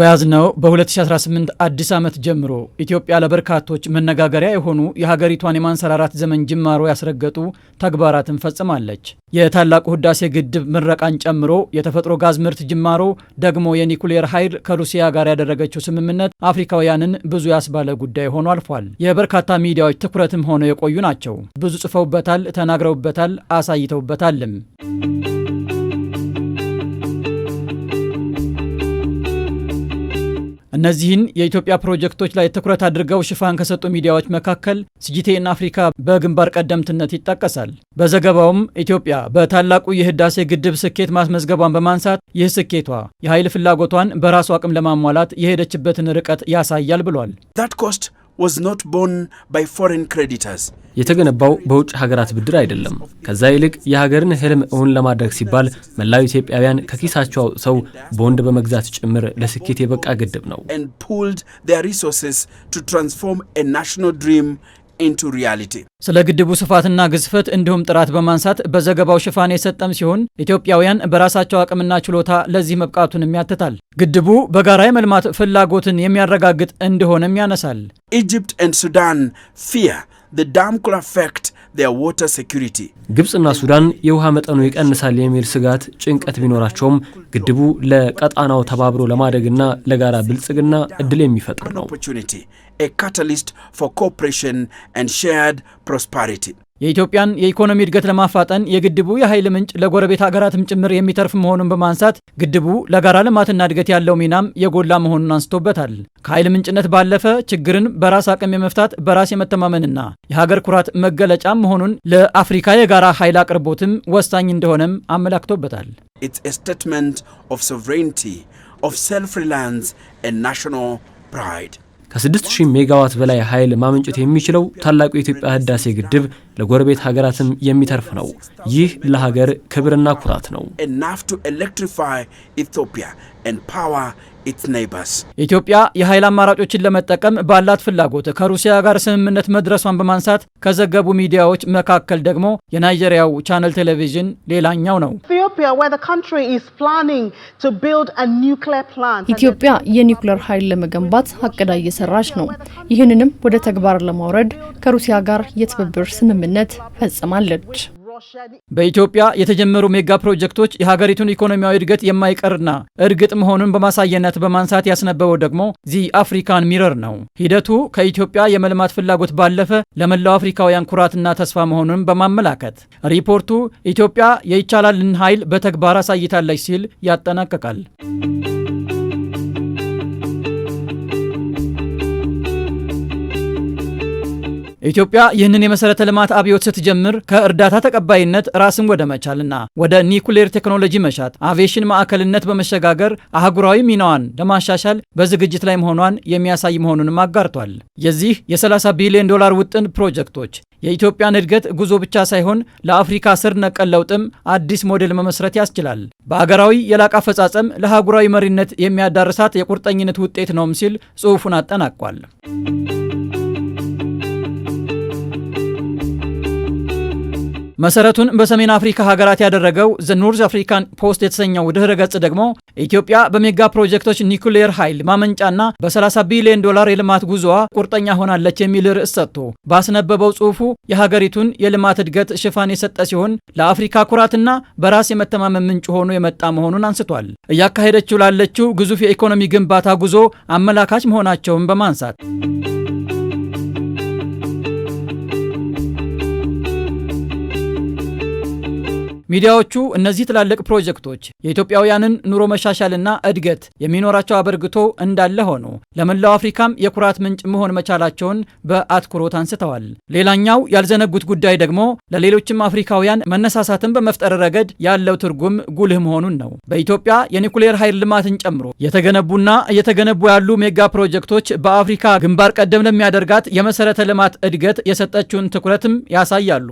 በያዝነው በ2018 አዲስ ዓመት ጀምሮ ኢትዮጵያ ለበርካቶች መነጋገሪያ የሆኑ የሀገሪቷን የማንሰራራት ዘመን ጅማሮ ያስረገጡ ተግባራትን ፈጽማለች። የታላቁ ህዳሴ ግድብ ምረቃን ጨምሮ የተፈጥሮ ጋዝ ምርት ጅማሮ፣ ደግሞ የኒኩሌር ኃይል ከሩሲያ ጋር ያደረገችው ስምምነት አፍሪካውያንን ብዙ ያስባለ ጉዳይ ሆኖ አልፏል። የበርካታ ሚዲያዎች ትኩረትም ሆነው የቆዩ ናቸው። ብዙ ጽፈውበታል፣ ተናግረውበታል፣ አሳይተውበታልም። እነዚህን የኢትዮጵያ ፕሮጀክቶች ላይ ትኩረት አድርገው ሽፋን ከሰጡ ሚዲያዎች መካከል ሲጂቴን አፍሪካ በግንባር ቀደምትነት ይጠቀሳል። በዘገባውም ኢትዮጵያ በታላቁ የህዳሴ ግድብ ስኬት ማስመዝገቧን በማንሳት ይህ ስኬቷ የኃይል ፍላጎቷን በራሱ አቅም ለማሟላት የሄደችበትን ርቀት ያሳያል ብሏል። የተገነባው በውጭ ሀገራት ብድር አይደለም። ከዛ ይልቅ የሀገርን ህልም እውን ለማድረግ ሲባል መላው ኢትዮጵያውያን ከኪሳቸው አውጥተው ቦንድ በመግዛት ጭምር ለስኬት የበቃ ግድብ ነው። ኢንቱ ሪያሊቲ ስለ ግድቡ ስፋትና ግዝፈት እንዲሁም ጥራት በማንሳት በዘገባው ሽፋን የሰጠም ሲሆን ኢትዮጵያውያን በራሳቸው አቅምና ችሎታ ለዚህ መብቃቱንም ያትታል። ግድቡ በጋራ የመልማት ፍላጎትን የሚያረጋግጥ እንደሆነም ያነሳል። ኢጅፕት ኤንድ ሱዳን ፊየር ዳምኩል አፌክት their water security። ግብጽና ሱዳን የውሃ መጠኑ ይቀንሳል የሚል ስጋት ጭንቀት ቢኖራቸውም ግድቡ ለቀጣናው ተባብሮ ለማደግና ለጋራ ብልጽግና እድል የሚፈጥር ነው። a catalyst for cooperation and shared prosperity የኢትዮጵያን የኢኮኖሚ እድገት ለማፋጠን የግድቡ የኃይል ምንጭ ለጎረቤት ሀገራትም ጭምር የሚተርፍ መሆኑን በማንሳት ግድቡ ለጋራ ልማትና እድገት ያለው ሚናም የጎላ መሆኑን አንስቶበታል። ከኃይል ምንጭነት ባለፈ ችግርን በራስ አቅም የመፍታት በራስ የመተማመንና የሀገር ኩራት መገለጫ መሆኑን ለአፍሪካ የጋራ ኃይል አቅርቦትም ወሳኝ እንደሆነም አመላክቶበታል። ኢትስ ኤ ስቴትመንት ኦፍ ሶቨሬንቲ ኦፍ ሰልፍ ሪላያንስ ኤንድ ናሽናል ፕራይድ ከ6000 ሜጋዋት በላይ ኃይል ማመንጨት የሚችለው ታላቁ የኢትዮጵያ ህዳሴ ግድብ ለጎረቤት ሀገራትም የሚተርፍ ነው። ይህ ለሀገር ክብርና ኩራት ነው። ኢትዮጵያ የኃይል አማራጮችን ለመጠቀም ባላት ፍላጎት ከሩሲያ ጋር ስምምነት መድረሷን በማንሳት ከዘገቡ ሚዲያዎች መካከል ደግሞ የናይጄሪያው ቻነል ቴሌቪዥን ሌላኛው ነው። ኢትዮጵያ የኒውክሌር ኃይል ለመገንባት አቅዳ እየሰራች ነው። ይህንንም ወደ ተግባር ለማውረድ ከሩሲያ ጋር የትብብር ስምምነት ስምምነት ፈጽማለች። በኢትዮጵያ የተጀመሩ ሜጋ ፕሮጀክቶች የሀገሪቱን ኢኮኖሚያዊ እድገት የማይቀርና እርግጥ መሆኑን በማሳያነት በማንሳት ያስነበበው ደግሞ ዚ አፍሪካን ሚረር ነው። ሂደቱ ከኢትዮጵያ የመልማት ፍላጎት ባለፈ ለመላው አፍሪካውያን ኩራትና ተስፋ መሆኑን በማመላከት ሪፖርቱ ኢትዮጵያ የይቻላልን ኃይል በተግባር አሳይታለች ሲል ያጠናቅቃል። ኢትዮጵያ ይህንን የመሰረተ ልማት አብዮት ስትጀምር ከእርዳታ ተቀባይነት ራስን ወደ መቻልና ወደ ኒኩሌር ቴክኖሎጂ መሻት አቪዬሽን ማዕከልነት በመሸጋገር አህጉራዊ ሚናዋን ለማሻሻል በዝግጅት ላይ መሆኗን የሚያሳይ መሆኑንም አጋርቷል። የዚህ የ30 ቢሊዮን ዶላር ውጥን ፕሮጀክቶች የኢትዮጵያን እድገት ጉዞ ብቻ ሳይሆን ለአፍሪካ ስር ነቀል ለውጥም አዲስ ሞዴል መመስረት ያስችላል። በአገራዊ የላቀ አፈጻጸም ለአህጉራዊ መሪነት የሚያዳርሳት የቁርጠኝነት ውጤት ነውም ሲል ጽሑፉን አጠናቋል። መሰረቱን በሰሜን አፍሪካ ሀገራት ያደረገው ዘ ኖርዝ አፍሪካን ፖስት የተሰኘው ድህረ ገጽ ደግሞ ኢትዮጵያ በሜጋ ፕሮጀክቶች ኒኩሌየር ኃይል ማመንጫና በ30 ቢሊዮን ዶላር የልማት ጉዞዋ ቁርጠኛ ሆናለች የሚል ርዕስ ሰጥቶ ባስነበበው ጽሑፉ የሀገሪቱን የልማት እድገት ሽፋን የሰጠ ሲሆን ለአፍሪካ ኩራትና በራስ የመተማመን ምንጭ ሆኖ የመጣ መሆኑን አንስቷል። እያካሄደችው ላለችው ግዙፍ የኢኮኖሚ ግንባታ ጉዞ አመላካች መሆናቸውን በማንሳት ሚዲያዎቹ እነዚህ ትላልቅ ፕሮጀክቶች የኢትዮጵያውያንን ኑሮ መሻሻልና እድገት የሚኖራቸው አበርግቶ እንዳለ ሆኖ ለመላው አፍሪካም የኩራት ምንጭ መሆን መቻላቸውን በአትኩሮት አንስተዋል። ሌላኛው ያልዘነጉት ጉዳይ ደግሞ ለሌሎችም አፍሪካውያን መነሳሳትን በመፍጠር ረገድ ያለው ትርጉም ጉልህ መሆኑን ነው። በኢትዮጵያ የኒኩሌር ኃይል ልማትን ጨምሮ የተገነቡና እየተገነቡ ያሉ ሜጋ ፕሮጀክቶች በአፍሪካ ግንባር ቀደም ለሚያደርጋት የመሰረተ ልማት እድገት የሰጠችውን ትኩረትም ያሳያሉ።